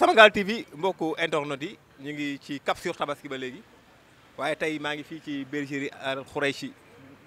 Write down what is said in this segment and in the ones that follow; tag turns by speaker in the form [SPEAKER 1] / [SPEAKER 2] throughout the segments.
[SPEAKER 1] Sénégal TV Moko internet yi ñu ngi ci Cap sur Tabaski ba léegi waaye tey maa ngi fii ci bergerie Al Khoureychi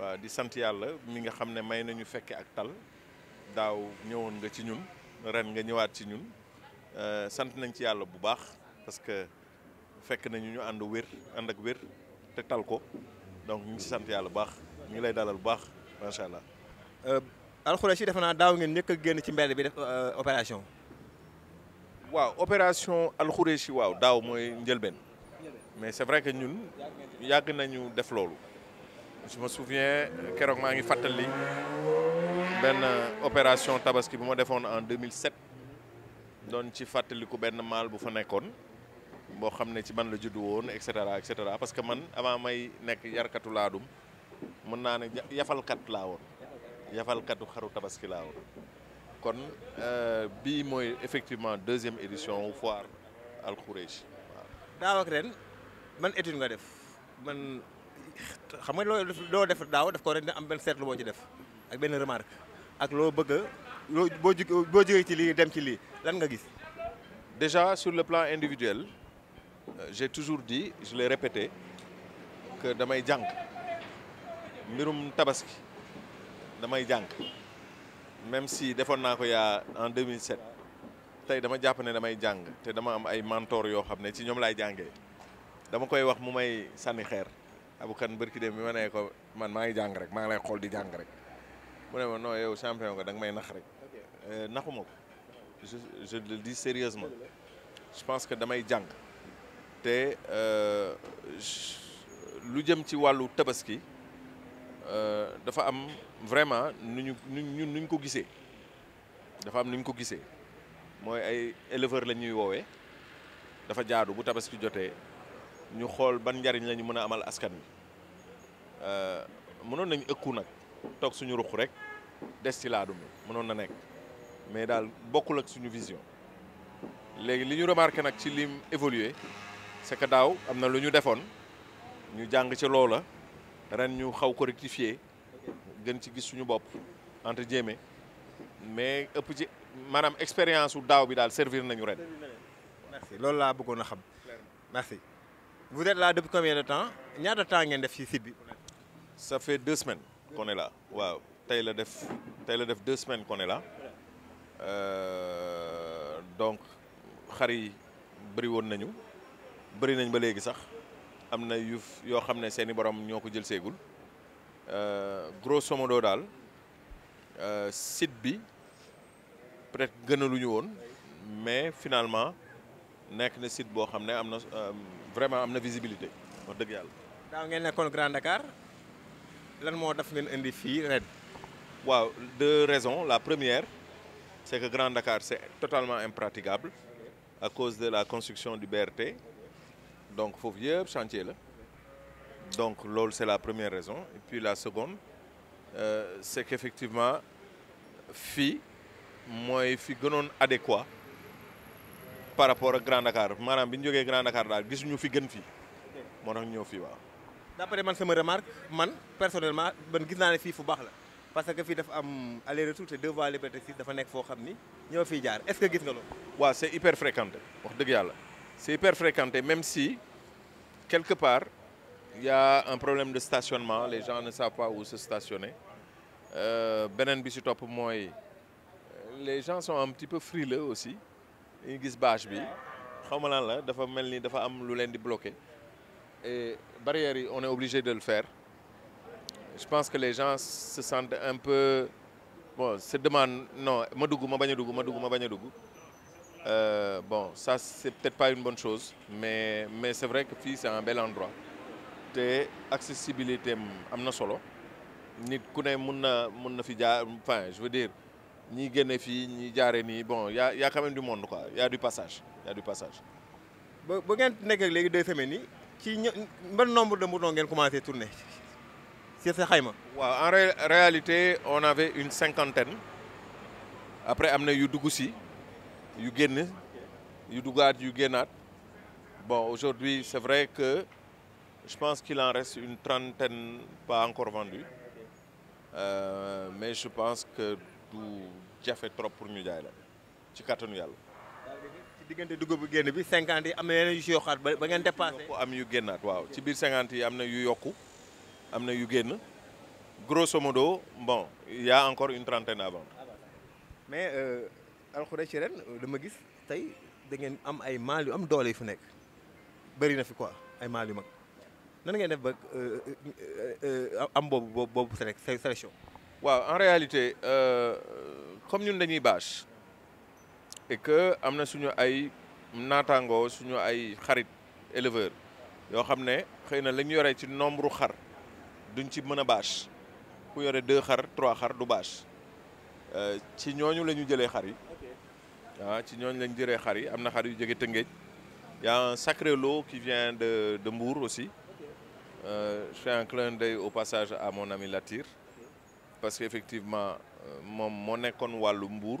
[SPEAKER 1] wa di sant yalla mi nga xamne may nañu fekke ak tal daw ñewon nga ci ñun ren nga ñewat ci ñun euh, sant nañ ci yalla bu baax parce que fekk nañu ñu and wër and ak wër te tal ko donc ñu ci sant yalla bu baax ñi lay dalal bu baax sha allah. Euh, al defe defana daw ngeen nek a ci mbéd bi def euh, opération. waaw opération Alxuraysi waaw moy mooy ben mais c'est vrai que ñun yag nañu def lolu je me souviens euh, keroog maa ngi fàttali benn euh, opération tabaski bu ma defoon en 2007 doon ci fàttaliku benn mal, bu fa nekkoon boo xam ne ci man la juddu woon et cetera et cetera parce que man avant may nekk yarkatu laadum mën naa ne yafalkat laa woon yafalkatu xaru tabaski laa woon kon euh, bii mooy effectivement deuxième édition wu foire Al Khoureychi waaw. daaw ak ren man étude nga def man xam nga lo loo def daaw daf ko rek am benn setlu boo ci def ak ben remarque ak lo bëgg bo bo boo ci li dem ci li lan nga gis. déjà sur le plan individuel euh, j'ai toujours dit je l'ai répété que damay jàng mbirum tabaski damay jàng même si defon naa ko yaa en 2007 tay dama jàpp ne damay jang te dama am ay mentor yo xam ci ñom lay jangé dama koy wax mu may sànni xeer. abu kan bërki dem bi ma nee ko man maa ngi jàng rek maa ngi lay xool di jàng rek mu ne ma non yow champion nga da nga may nax rek euh, naxuma ko je dis sérieusement je pense que damay jàng te euh, lu jëm ci wàllu tabaski euh, dafa am vraiment nu ñu nu ñu ko gisee dafa am nu ñu ko gisee mooy ay éleveur la ñuy woowee dafa jaadu bu tabaski jotee ñu xool ban njariñ la ñu mën a amal askan wi Euh, mënoon nañu ëkku nak tok suñu ruq rek des ci na nek mais dal bokkul ak suñu vision légui liñu remarquer nak ci lim évolué c'est que daw amna luñu lu ñu jang ci loola ren ñu xaw ko rectifier gën ci gis suñu bop entre mais ëpp ci maanaam expérience wu daaw bi dal servir nañu ren. merci loolu la bëggona xam. merci vous êtes là depuis combien de temps ñaata temps ngeen def ci site bi ça fait deux semaines qu'on est là def deux semaines qu'on est là euh, donc xar yi nañ ba légui sax amna yo, yo, xamné grosso modo euh, site bi peut-être gënaluñu won mais finalement nek na site qui xamné euh, vraiment amna visibilité ngeen Grand Dakar lan y daf deux raisons la première c'est que Grand Dakar c'est totalement impraticable à cause de la construction du BRT donc faut vieux chantier donc l'ol c'est la première raison et puis la seconde euh, c'est qu'effectivement fi moy fi adéquat par rapport à Grand Dakar manam ne Grand Dakar daal fi gën fi ne tax pas fi d'après man sama remarque personnellement je suis naa ne de fu parce que fii a am aller retour te deux voies liberté six dafa nekk ñoo est-ce que tu nga ça? Oui, c'est hyper fréquenté c'est hyper fréquenté même si quelque part il y a un problème de stationnement les gens ne savent pas où se stationner euh, Benen bi ci les gens sont un petit peu frileux aussi Ils disent bâche bi xaw lan la dafa mel ni dafa am lu bloqué et barrière, on est obligé de le faire. Je pense que les gens se sentent un peu... Bon, se demandent, non, Madougou, Mabanyadougou, Madougou, Mabanyadougou. Euh, bon, ça, c'est peut-être pas une bonne chose, mais, mais c'est vrai que c'est un bel endroit. Et l'accessibilité, amna solo. Nit kune muna muna fi enfin, je veux dire, ni gene fi, ni diare ni, bon, il y a, y a quand même du monde, quoi. Il y a du passage, il y a du passage. Si vous avez deux semaines, ci ñë nombre de moutons avez-vous commencé tourner C'est ça en réalité on avait une cinquantaine après on a eu des si yu bon aujourd'hui c'est vrai que je pense qu'il en reste une trentaine pas encore vendue euh, mais je pense que déjà fait trop pour nous. C'est la ci ci diggante dugub bu génn bi cinquante yi am na yeneen yu si yokkaat ba ngeen dépassé. am yu génnaat waaw ci biir cinquante yi am na yu yokku am na yu génn grosso modo bon il encore une trentaine à vendre. mais euh, alxure ci ren euh, dama gis tey da ngeen am ay maal yu am doole yu fi nekk bëri na fi quoi ay maal yu mag nana ngeen def ba euh, am boobu boobu sélection. waaw en réalité euh, comme ñun dañuy bâche. et que amna suñu ay natango suñu ay xarit éleveur yo xamné xeyna lañu yoré ci nombre xar duñ ci mëna a bâche ku yoré deux xar trois xar du bâche euh, ci ñoñu lañu jëlé xari ah ci ñoñu lañu ñu xari amna xari am na xar yu jóge Tëngéej y a un sacré lot qui vient de de Mbour aussi euh, je fais un clin d'œil au passage à mon ami Latir parce qu'effectivement effectivement euh, moom moo walu Mbour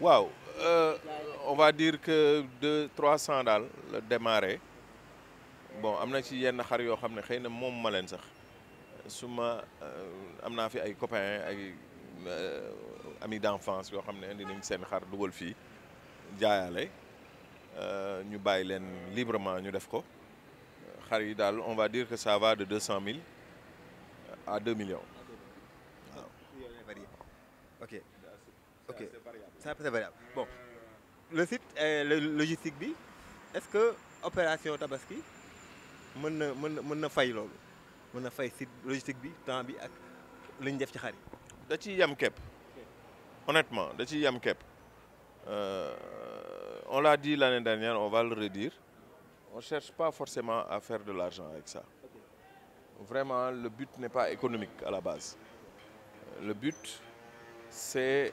[SPEAKER 1] Wow, euh, on va dire que de 300 dalles le bon amna ci yenn xar yo xamné xeyna mom sax euh, fi copains ay euh, amis d'enfance yo xamné indi nañ sen xar fi Euh ñu librement ñu def ko xar yi on va dire que ça va de 200 à 2 millions ok ok c'est variable bon le site le logistique bi est-ce que opération tabaski mën na mën mën na fay site logistique bi temps bi ak li def ci da honnêtement da euh, on l'a dit l'année dernière on va le redire on cherche pas forcément à faire de l'argent avec ça vraiment le but n'est pas économique à la base le but c'est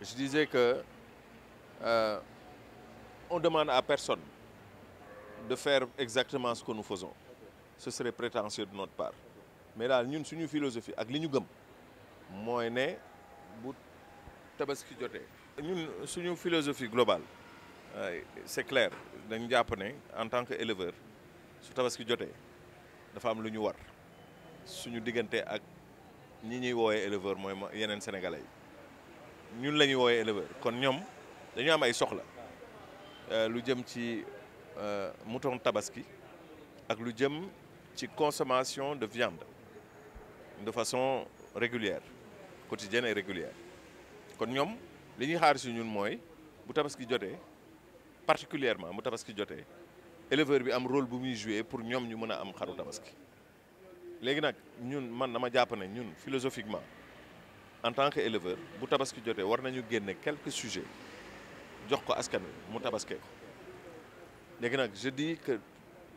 [SPEAKER 1] je disais que ne euh, on demande à personne de faire exactement ce que nous faisons. Ce serait prétentieux de notre part. Mais là, nous, une philosophie, avec ce nous avons, bu tabaski Nous ñun philosophie globale c'est clair nous sommes en tant que éleveur su tabaski jotee dafa am lu ce war suñu diggante ak ñi ñuy woowee éleveur sénégalais nous sommes des éleveurs éleveur kon ñom dañu am ay soxla euh, lu jëm euh, tabaski ak lu jëm consommation de viande de façon régulière quotidienne et régulière kon ñom li xaar ci ñun bu tabaski particulièrement bu tabaski joté éleveur bi am rôle bu jouer pour ñom ñu mëna am xaru tabaski légui nak ñun man dama philosophiquement en tant que éleveur bu tabaski joté war nañu génne quelques sujets jox ko askan mu tabaské ko léegi nak je dis que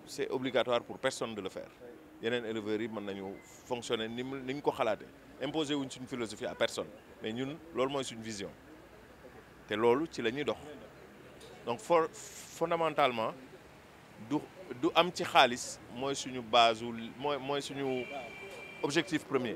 [SPEAKER 1] c'est obligatoire pour personne de le faire yenen éleveur yi mën nañu fonctionner ni mu ni ko xalaatee imposer wuñ suñu philosophie à personne mais ñun lool moy suñu vision té loolu ci la dox donc for fondamentalement du du am ci xaalis moy suñu base moy moy suñu objectif premier.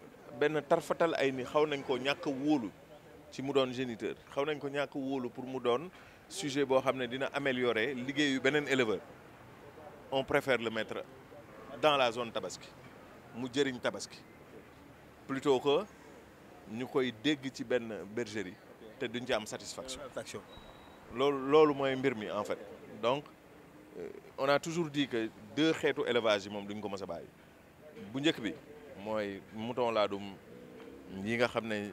[SPEAKER 1] Ben, tarfatal ay ni xaw nañ ko ñàkk wolu ci mu doon géniteur xaw nañ ko ñàkk wolu pour mu doon sujet bo xamné dina améliorer liggéeyu benen éleveur on préfère le mettre dans la zone tabaski mu jëriñ tabaski plutôt que ñukoy dégg ci benn bergerie té duñ ci am satisfaction loolu loolu moy mbir mi en fait donc euh, on a toujours dit que deux xétu élevage mom duñ ko mës a bu ñëk bi mooy mouton laadum yi nga xamné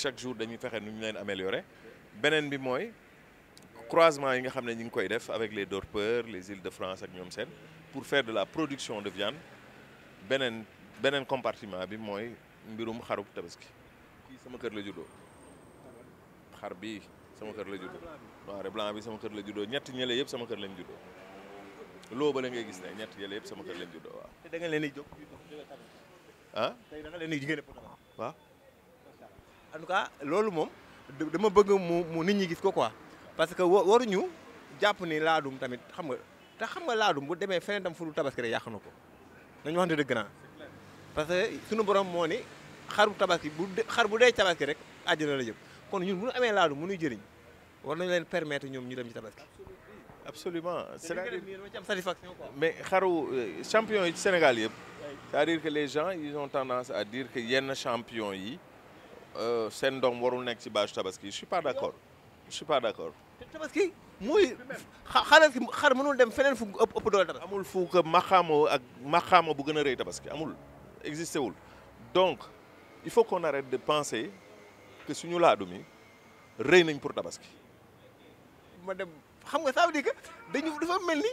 [SPEAKER 1] chaque jour dañuy fexé nu ñu leen améliorer benen bi moy croisement yi nga xamné ne ñu koy def avec les dorpeurs les îles de France ak ñom sen pour faire de la production de viande benen benen compartiment bi moy mbirum xarub tabaski ki sama kër la juddoo xar bi sama kër la juddoo noir et blanc bi sama kër la juddoo ñett ñele yépp sama kër lañ juddoo loo la ngay gis ne ñett ñële yépp sama kër lañ juddoo waaw. te da nga leen di jox ah. tey da nga leen di jigéen waaw. en tout cas loolu moom dama bëgg mu mu nit ñi gis ko quoi parce que waru ñu jàpp ni laadum tamit xam nga te xam nga laadum bu demee feneen tam fu dul tabaski rek yàq na ko nañu wax ne dëgg parce que suñu borom moo ni xaru tabaski bu xar bu dee tabaski rek àjjana la jëm kon ñun bu ñu amee laadum mu nuy jëriñ war nañu leen permettre ñoom ñu dem ci tabaski. absolument c'est-à-dire mais xaru euh, champion yi ci Sénégal yëpp. c'est-à-dire que les gens ils ont tendance à dire que yenn champion yi c'est euh, doom warul nekk ci bâche tabaski je suis pas d'accord je suis pas d'accord. tabaski muy xaaral xar mënul dem fenen fu ëpp ëpp doole dara. amul fu ko maxaama ak maxaama bu gën a tabaski amul existé wul donc il faut qu'on arrête de penser que suñu laadu mi rien nañ pour tabaski. ma dem xam nga ça veut dire que dañu dafa mel ni.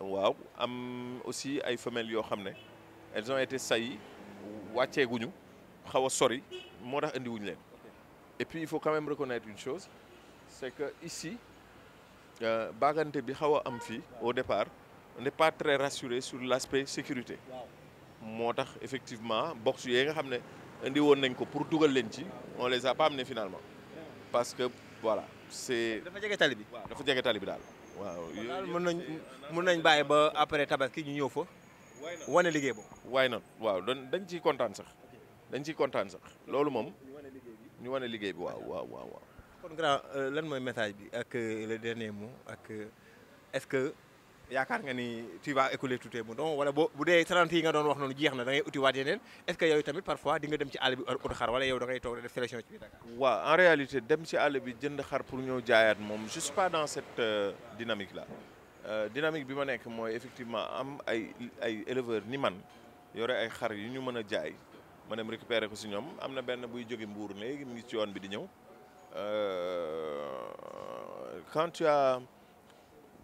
[SPEAKER 1] waaw am aussi ay femelles yo xamné elles ont été saillies wàcceeguñu guñu xawa sori moo tax wuñ len et puis il faut quand même reconnaître une chose c'est que ici euh, baganté bi xawa am fi au départ on n'est pas très rassuré sur l'aspect sécurité moo tax effectivement box yee nga xamné andi indi nañ ko pour dougal len ci on les a pas amenés finalement parce que voilà c'est dafa jege talibi dafa jege talibi dal Why not? mën nañ mën nañ bàyyi ba après tabaski ñu not fa wane liggéey boobu waay na waaw dañ ciy kontaan sax dañ ciy kontaan sax loolu moom ñu wane message bi ak euh, le dernier mot euh, yaakaar nga ni tu vas écouler tout tes moutons wala bu dee 30 yi nga doon wax non jeex na da ngay wat yeneen est ce que yow tamit parfois di nga dem ci àll bi ut xar wala yow da ngay tok def sélection ci biir Dakar. wa en réalité dem ci àll bi jënd xar pour ñeu jaayat mom je suis pas dans cette euh, dynamique là euh, dynamique bi ma nekk mooy effectivement am ay ay éleveur ni man yoré ay xar yu ñu mëna jaay ma dem récupérer ko ci ñom amna na benn buy joggé Mbour léegi mu ngi ci yoon bi di euh quand tu as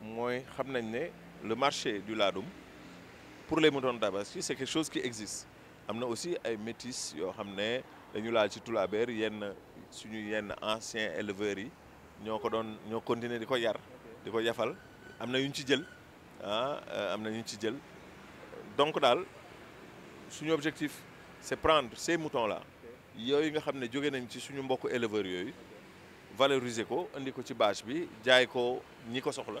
[SPEAKER 1] mooy xam nañ le marché du laadum pour les moutons tabaski c' est quelque chose qui existe am aussi ay métis yoo xam ne dañu laal ci tulabeer yenn suñu yenn anciens éleveurs yi ñoo ko doon ñoo continuer di ko yar di ko yafal am ci jël ah euh, am na ñu ci jël donc daal suñu objectif c'est prendre ces moutons là yooyu nga xam ne jóge nañ ci suñu mbokku éleveurs yooyu valoriser ko indi ko ci bâche bi jaay ko ñi ko soxla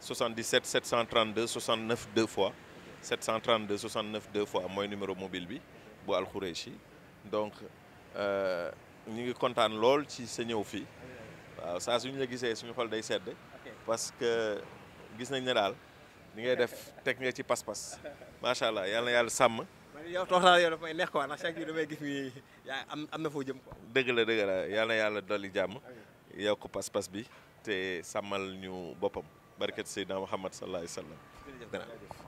[SPEAKER 1] 77 732 69 deux fois 732 69 deux fois mon numéro mobile bi bu alxureeshi donc euh ñu ngi contane lol ci sa ñëw fii waaw saa suñu la gisee suñu xol day sedd parce que gis nañ ne dal ni ngay def tek nga ci pas-pas macha allah yal na yàlla sàmm. yow toog naa yow dafay neex quoi ndax chaque jour damay gis ni yaa am am na jëm quoi. dëgg la deug la yalla na doli jamm yow ko pas-pas bi té samal ñu boppam. barkat Seydina Muhammad sallallahu alayhi wa sallam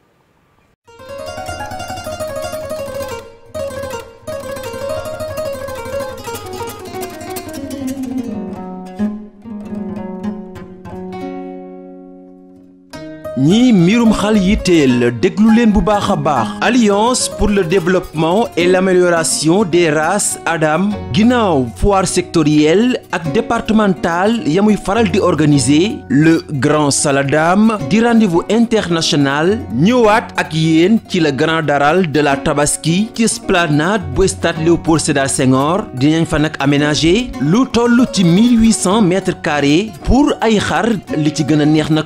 [SPEAKER 2] Ni Mirum xal yi teel alliance pour le développement et l'amélioration des races adam ginnaaw foire sectorielle ak départemental yamuy faral di organiser le grand saladam di rendez-vous international ñëwaat ak qui ci le grand daral de la tabaski ci esplanade bu stade Léopold Sédar Senghor dinañ fa nag aménager lu toll ci 1800 mètres carrés pour ay xar li ci gën a neex nag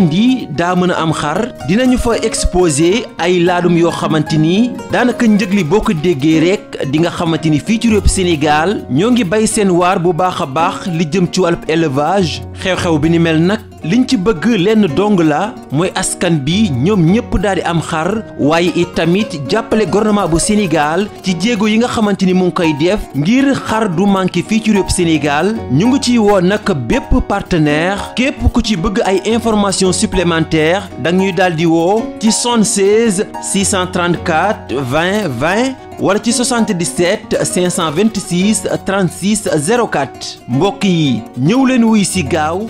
[SPEAKER 2] indi daa mën a am xar dinañu fa exposé ay laadum yoo xamante ni daanaka njëg li boo ko déggee rek di nga xamante ni fii ci réew Sénégal ñoo ngi bay seen waar bu baax a baax li jëm ci wàllu élevage xew-xew bi ni mel nag. liñ ci bëgg lenn dong la mooy askan bi ñoom ñëpp daal di am xar waaye it tamit jàppale gouvernement bu Sénégal ci jéego yi nga xamante ni mu ngi koy def ngir xar du manqué fii ci réew Sénégal ñu ngi ciy woo nag bépp partenaire képp ku ci bëgg ay information supplémentaire dañuy daal di woo ci 76 634 20 20 wala ci 77 526 36 04 mbokk yi ñëw leen wuy si gaaw